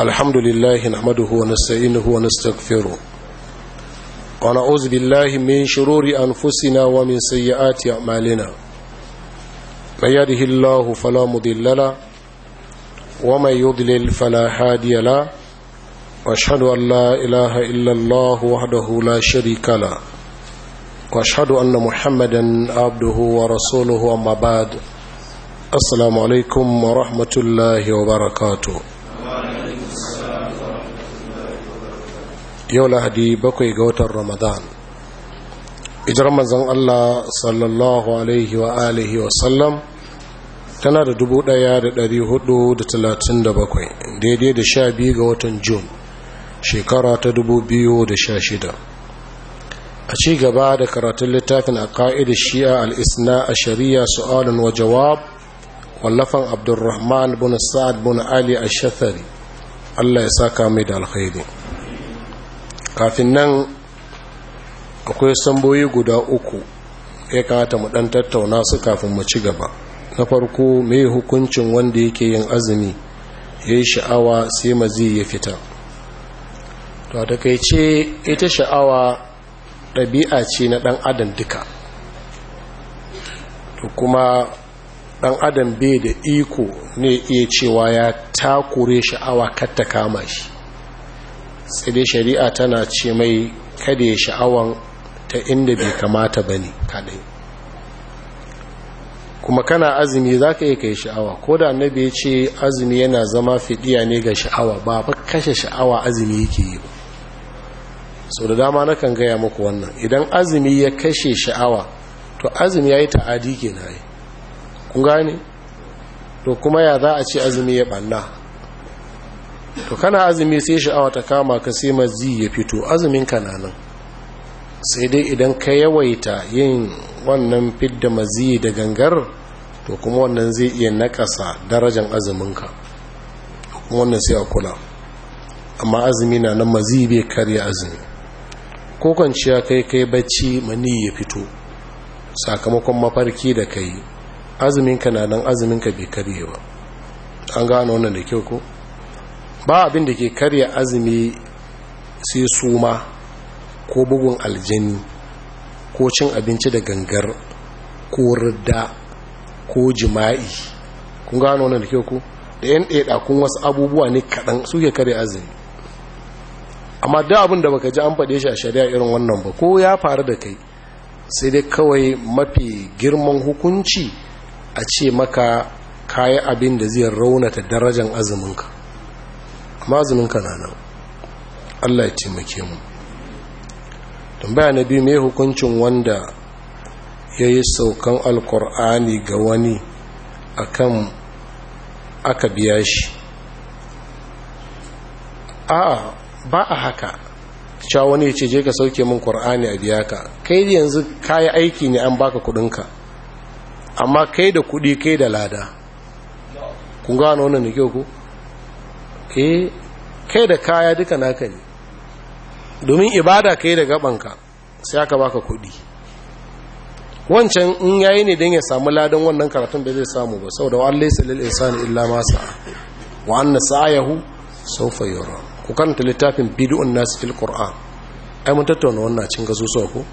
الحمد لله نحمده ونستعينه ونستغفره ونعوذ بالله من شرور أنفسنا ومن سيئات أعمالنا من يده الله فلا مضل له ومن يضلل فلا هادي له واشهد أن لا إله إلا الله وحده لا شريك له واشهد أن محمدا عبده ورسوله أما بعد السلام عليكم ورحمة الله وبركاته yau lahadi bakwai ga watan ramadan ijar manzan allah sallallahu alaihi wa alihi wa sallam tana da dubu ɗaya da ɗari hudu da talatin da bakwai daidai da sha biyu ga watan jun shekara ta dubu biyu da sha shida a ci gaba da karatun littafin a ka'ida shi'a al'isna a shari'a su'alin wa jawab wallafan abdulrahman bin sa'ad bin ali a shathari allah ya saka mai da alkhairi kafin nan akwai samboyi guda uku ya kamata mu dan tattauna su kafin mu ci gaba na farko mai hukuncin wanda yake yin azumi ya yi sha'awa sai mazi ya fita to a ce ita sha'awa ɗabi'a ce na ɗan adam duka to kuma ɗan adam bai da iko ne iya cewa ya takure sha'awa kar ta kama shi sai dai shari'a tana ce mai kada ya sha'awan ta inda bai kamata ba ne kadai kuma kana azumi za ka yi ka sha'awa ko da annabi ya ce azumi yana zama fidiya ne ga sha'awa ba fa kashe sha'awa azumi yake yi ba sau da dama na kan gaya muku wannan idan azumi ya kashe sha'awa to azumi ya yi ta'adi ke na yi kun gane to kuma ya za a ce azumi ya banna to kana azumi sai sha'awa ta kama ka sai mazi ya fito azumin kananan sai dai idan ka yawaita yin wannan fidda mazi da gangar to kuma wannan zai iya nakasa darajan azuminka kuma wannan sai a kula amma azumi na nan mazi bai karya azumi ko kwanciya kai kai bacci mani ya fito sakamakon mafarki da kai azuminka na nan azuminka bai karye ba an gano wannan da kyau ko ba abin da ke karya azumi sai suma ko bugun aljani ko cin abinci da gangar ko rida ko jima'i kun gano wannan da ku da yan ɗaiɗakun wasu abubuwa ne kaɗan su ke karya azumi amma da abin da baka ji an faɗe shi a shari'a irin wannan ba ko ya faru da kai sai dai kawai mafi girman hukunci a ce maka kayi abin da zai raunata darajar azuminka mazumin kananan Allah ya taimake mu tambaya na biyu mai hukuncin wanda ya yi saukan alkur'ani ga wani akan aka biya shi a ba a haka cewa wani ya ce je ka sauke min kur'ani a biya ka kai yanzu kayi aiki ne an baka kudinka amma kai da kudi kai da lada kun gano wannan da kyau ku ke kai da kaya duka naka ne domin ibada kai da gabanka sai aka baka kuɗi wancan in yayi ne don ya samu ladan wannan karatun da zai samu ba saboda wa laysa lil insani illa ma sa'a wa anna sa'ayahu sawfa yura ku karanta littafin bidu'un nas fil qur'an ai mun tattauna wannan cin gaso ko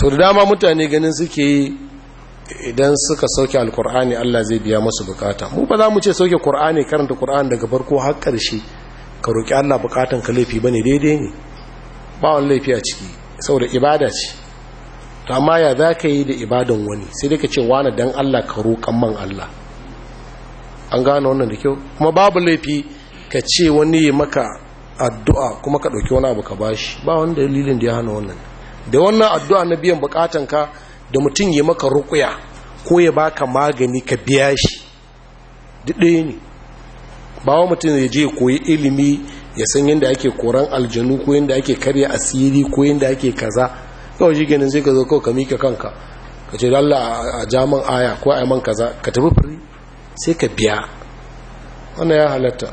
so da dama mutane ganin suke yi idan suka sauke alkur'ani Allah zai biya masu bukata mu ba za mu ce sauke kur'ani karanta kur'ani daga farko har ƙarshe ka roƙi Allah bukatan ka laifi bane daidai ne ba wani laifi a ciki saboda ibada ce to amma ya za ka yi da ibadan wani sai dai ka ce wani dan Allah ka roƙan man Allah an gane wannan da kyau kuma babu laifi ka ce wani maka addu'a kuma ka ɗauki wani abu ka bashi ba wani dalilin da ya hana wannan da wannan addu'a na biyan bukatan ka da mutum yi maka rukuya ko ya baka magani ka biya shi duk ne ba wa mutum ya je koyi ilimi ya san yadda ake koran aljanu ko yadda ake karya asiri ko yadda ake kaza yau shi ganin sai ka zo kawai ka kanka ka ce lalla a jaman aya ko a man kaza ka tafi firi sai ka biya wannan ya halatta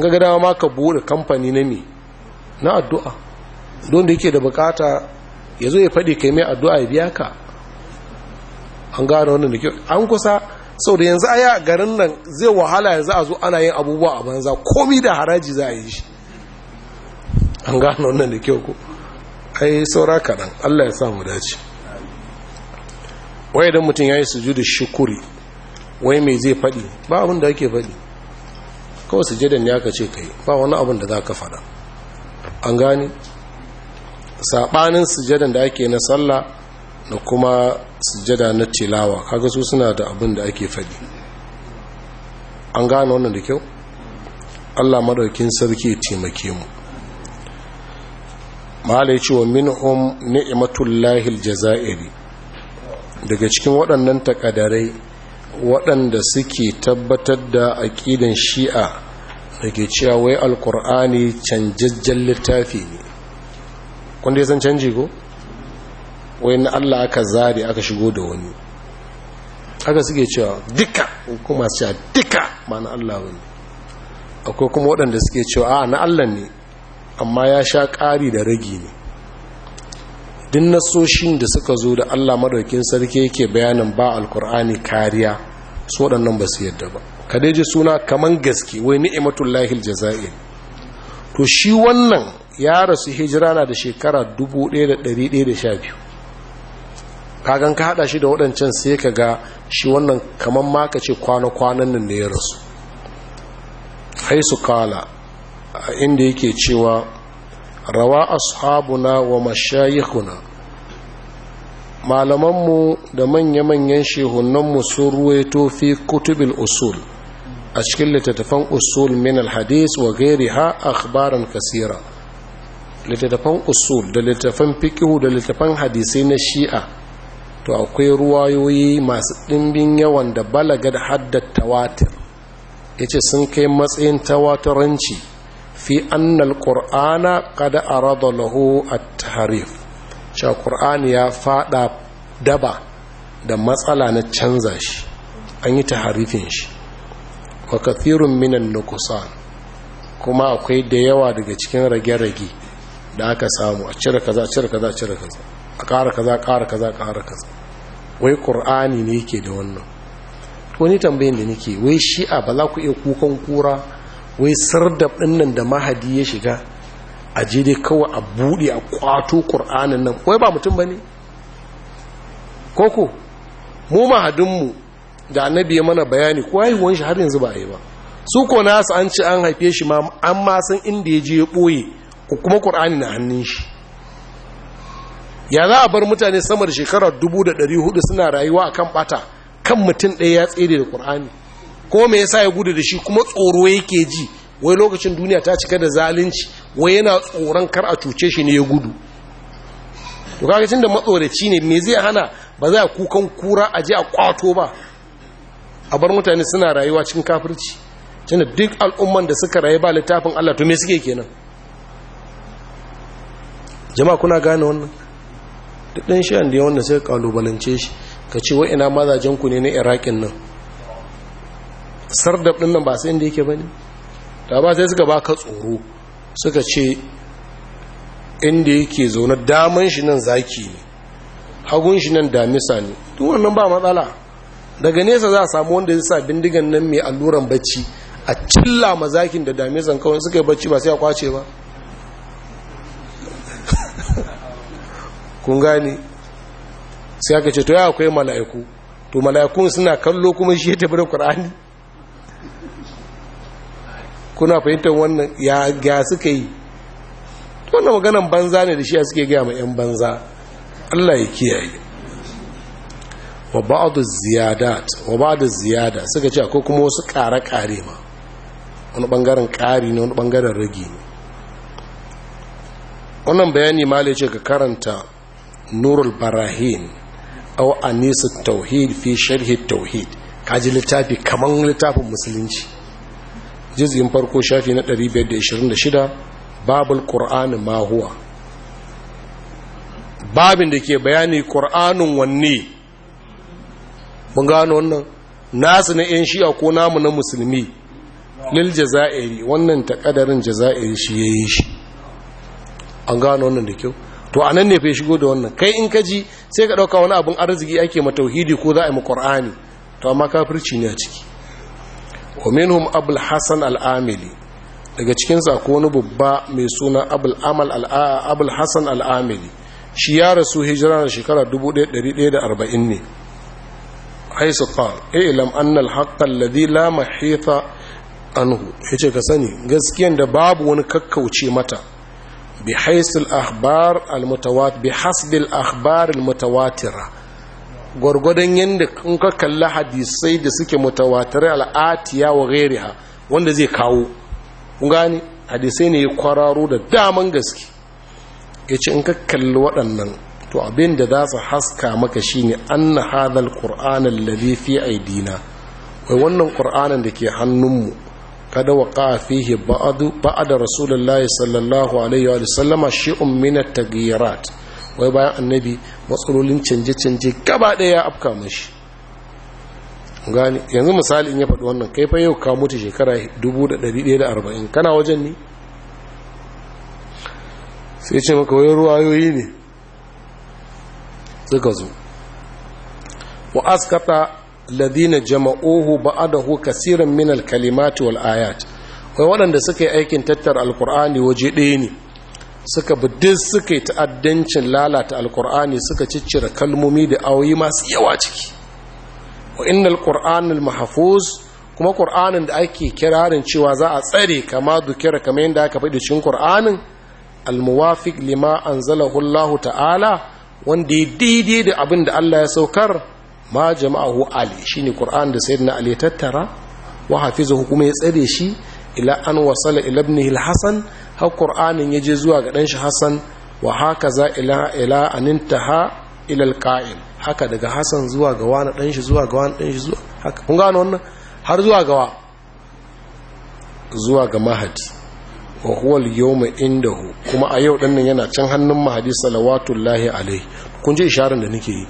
ga gadawa ma ka buɗe kamfani na ne na addu'a don da yake da bukata ya zo ya faɗi kai mai addu'a ya biya ka an gane wannan da kyau an kusa sau da yanzu aya garin nan zai wahala yanzu a zo ana yin abubuwa a banza komi da haraji za a yi shi an gane wannan da kyau ko ai saura kaɗan allah ya sa mu dace wai idan mutum ya yi sujudu shukuri wai mai zai faɗi ba abin da ake faɗi kawai sujadan ya ka ce kai ba wani abin da za ka faɗa an gane saɓanin sujadan da ake na sallah da kuma sujada na tilawa kaga su suna da abin da ake faɗi an gane wannan da kyau allah maɗaukin sarki ya taimake mu ce wa minhum ni'matullahi aljazairi daga cikin waɗannan takadarai waɗanda suke tabbatar da aƙidan shi'a da cewa wai alkur'ani canjajjen littafi ne kun dai san canji ko? wai na Allah aka zari aka shigo da wani aka suke cewa duka kuma cewa duka ma na Allah wani akwai kuma waɗanda suke cewa a na Allah ne amma ya sha ƙari da ragi ne din nasoshin da suka zo da Allah madaukin sarki yake bayanin ba alkur'ani kariya su waɗannan ba su yadda ba ji suna kaman gaske wai ni'imatul lahil jaza'il to shi wannan ya rasu hijira na da shekara 1112 kagan ka hada shi da waɗancan sai ka ga shi wannan kamar ma ce kwana-kwanan nan da ya rasu haisu kala a inda yake cewa rawa ashabuna wa mashayikuna malamanmu da manya-manyan shehunanmu sun ruwaito fi kutubil usul a cikin littattafan usul min alhadis wa gairi ha akhbaran kasira littattafan usul da littattafan fikihu da littattafan hadisai na shi'a to akwai ruwayoyi masu ɗimbin yawan da balagar haddar tawatir ya ce sun kai matsayin tawaturanci fi annal ƙur'ana kada a rada lahu a tarif cewa ƙur'ani ya fada daba da matsala na canza shi an yi taharifin shi wa kafirun minan nukusan kuma akwai da yawa daga cikin rage-rage da aka samu a cire kaza a cire kaza a cire kaza a ƙara kaza ƙara kaza ƙara kaza wai ƙur'ani ne yake da wannan Wani tambayin da nake wai shi'a ba za ku iya kukan kura wai sardab ɗinnan da mahadi ya shiga a je dai kawai a buɗe a ƙwato ƙur'anin nan wai ba mutum ba ne koko mu mahadinmu da annabi ya mana bayani ko haihuwan shi har yanzu ba a yi ba su ko nasu an ci an haife shi ma an ma san inda ya je ya ɓoye kuma ƙur'ani na hannun shi ya za a bar mutane samar shekarar 1400 suna rayuwa a kan bata kan mutum ɗaya ya tsere da ƙur'ani ko me yasa ya gudu da shi kuma tsoro yake ji wai lokacin duniya ta cika da zalunci wai yana tsoron kar a cuce shi ne ya gudu to kaga tunda matsoraci ne me zai hana ba za a kukan kura a je a kwato ba a bar mutane suna rayuwa cikin kafirci tunda duk al'umman da suka rayu ba littafin Allah to me suke kenan jama'a kuna gane wannan duk ɗan shi da yawan da sai kalubalance shi ka ce wa ina mazajen ku ne na iraƙin nan sardab ɗin nan ba sai inda yake ba ne da ba sai suka ba ka tsoro suka ce inda yake zaune daman shi nan zaki ne hagun shi nan damisa ne duk wannan ba matsala daga nesa za a samu wanda ya sa bindigan nan mai alluran bacci a cilla mazakin da damisan kawai suka yi bacci ba sai a kwace ba kun gani sai aka ce to ya akwai mala'iku to mala'ikun suna kallo kuma shi ya tafi da qur'ani kuna fahimtar wannan ya ga suka yi to wannan maganan banza ne da shi suke gaya ma yan banza Allah ya kiyaye wa ba'd ziyadat wa ba'd ziyada suka ce akwai kuma wasu kare-kare ma wani bangaren ƙari ne wani bangaren rage ne wannan bayani ma ce ka karanta nurul Barahim, au anisa tauhid fi sharhi tauhid kaji littafi kaman littafin musulunci jizgin farko shafi na 526 babul qur'ani ma babin da ke bayani qur'anun wanne mun gano wannan nasu na yan shi'a ko namu na musulmi lil jaza'iri wannan takadarin jaza'iri shi yayi shi an gano wannan da kyau to a nan ne fai shigo da wannan kai in ka ji sai ka ɗauka wani abin arziki ake matauhidi ko za a yi maƙur'ani to amma kafirci ne a ciki wa abul hassan al'amili daga cikin sako wani babba mai suna abul hassan al'amili shi ya rasu hijira na shekara 1140 ne haisu arba'in ilam anna al-haqqa la mahita anhu yace ka sani gaskiyan da babu wani kakkauce mata بحيث الأخبار المتواتر بحسب الأخبار المتواترة gwargwadon yadda in ka kalli hadisai da suke mutawatirai al'atiya wa gairiha wanda zai kawo kun gani hadisai ne ya kwararo da daman gaske ya ce in ka kalli waɗannan to abin da za su haska maka shine na hadal qur'anan lalifi fi aidina wannan ƙur'anin da ke hannunmu kada waqa fihi ba'du ba'da rasulullahi sallallahu alaihi wa sallama shi'un min at wai bayan annabi matsalolin canje-canje gaba ɗaya ya afka mashi gani yanzu misali in ya faɗi wannan kai fa yau ka mutu shekara 1140 kana wajen ne sai ce maka wai ruwayoyi ne suka zo wa askata ladina jama'uhu ba'adahu kasiran min al-kalimati wal ayat wai waɗanda suka yi aikin tattar alkur'ani waje ɗaya ne suka bi duk suka yi ta'addancin lalata alkur'ani suka ciccire kalmomi da awoyi masu yawa ciki wa inna alkur'anul mahfuz kuma qur'anin da ake kirarin cewa za a tsare kama dukira kama yadda aka faɗi cikin qur'anin almuwafiq lima anzalahu Allah ta'ala wanda ya daidai da abin da Allah ya saukar ma jama'ahu ali shine qur'an da sayyidina ali tattara wa hafizahu kuma ya tsare shi ila an wasala ila ibnihi al ha har qur'anin yaje zuwa ga dan shi hasan wa haka za ila ila anintaha ila al haka daga hasan zuwa ga wani dan shi zuwa ga wani dan shi zuwa haka kun gano wannan har zuwa ga wa zuwa ga mahadi wa huwa al-yawma indahu kuma a yau dinnan yana can hannun mahadi salawatullahi alaihi kun ji isharar da nake yi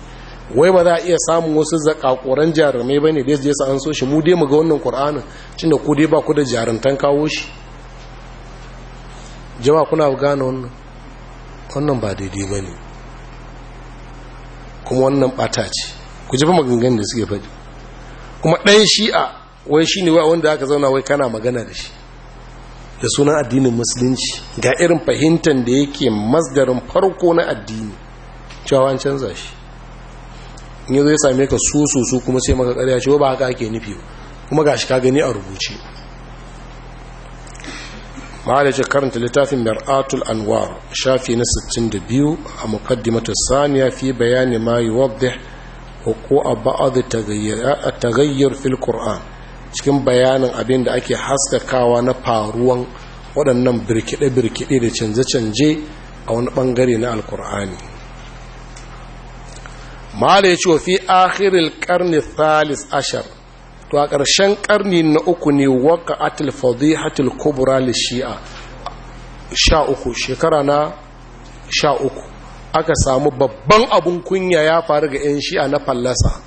wai ba za a iya samun wasu zakakuran jarumai ba ne da ya sa an so shi mu dai mu ga wannan ƙur'anin cin da ku dai ba ku da jarumtan kawo shi jama kuna gano wannan wannan ba daidai ba ne kuma wannan ɓata ce ku ji fa maganganun da suke faɗi kuma ɗan shi'a wai shi ne wanda aka zauna wai kana magana da shi da sunan addinin musulunci ga irin fahimtar da yake masdarin farko na addini cewa an canza shi in yazo ya same ka su su kuma sai maka karya ce ba haka ake nufi kuma ga shi ka gani a rubuce ce karanta littafin mar'atul anwar shafi na 62 a muqaddimatu saniya fi bayani ma yuwaddih huquqa a ba'adu tagayyar fil qur'an cikin bayanin abin da ake haskakawa na faruwan waɗannan birkiɗe-birkiɗe da canje-canje a wani bangare na alkur'ani mahala ya ce wa fi akhirin karni thalis ashar to a ƙarshen karni na uku ne waka atil fadihatil kubra li shi'a sha uku shekara na sha uku aka samu babban abun kunya ya faru ga 'yan shi'a na fallasa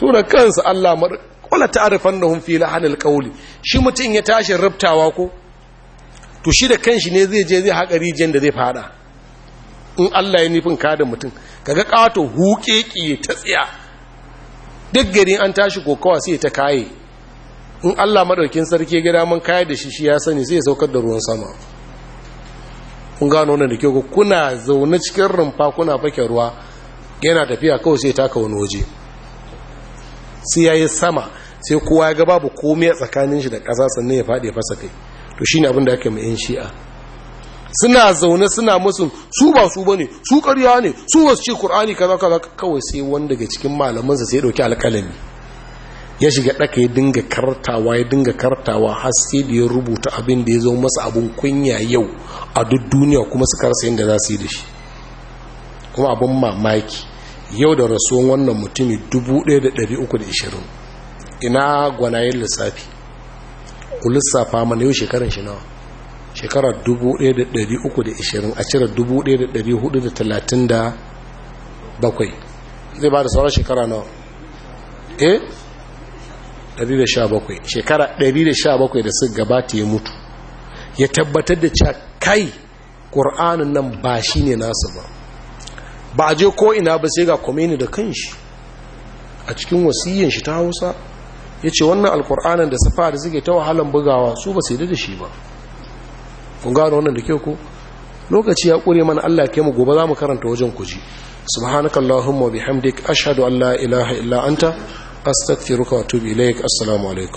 su da kansu allah ta arifan da hun fila, lahanil kauli shi mutum ya tashi rubtawa ko to shi da kanshi ne zai je zai haƙa rijiyar da zai fada in allah ya nufin kada mutum kaga kato ki ta tsiya duk gari an tashi kokawa sai ta kaye in Allah madaukin sarki gida mun kaye da shi shi ya sani sai ya saukar da ruwan sama kun gano wannan da ku kuna zaune cikin rumfa kuna fake ruwa yana tafiya kawai sai ta wani waje sai yayi sama sai kowa ya ga babu komai tsakanin shi da ƙasa sannan ya faɗi ya fasa kai to shine abin da ake mu yan shi'a suna zaune suna musu su ba su bane su ƙarya ne su wasu ce ƙur'ani kaza kaza kawai sai wanda daga cikin malamansa sai ya dauki alƙalami ya shiga ɗaka ya dinga kartawa ya dinga kartawa har sai da ya rubuta abin da ya zo masa abin kunya yau a duk duniya kuma suka rasa yadda za su yi da shi kuma abin mamaki yau da rasuwan wannan mutumi 1320 ina gwanayen lissafi ku lissafa mana yau shekarun shi nawa shekara 1320 a cire 1437 zai ba da sauran shekara nawa e? Eh? 117 shekara 117 da su gabata ya mutu ya tabbatar da cewa kai ƙur'anin nan ba shi ne nasu ba ba a je ko'ina ba sai ga komeni da kanshi a cikin wasiyyar shi ta hausa ya ce wannan alƙur'anin da safa da suke ta wahalan bugawa su ba sai da shi ba kun gano wannan da ke ku lokaci ya kure mana Allah ya kai mu gobe za mu karanta wajen ku ji subhanakallahumma wa bihamdik ashhadu an la ilaha illa anta astaghfiruka wa atubu ilaik assalamu alaikum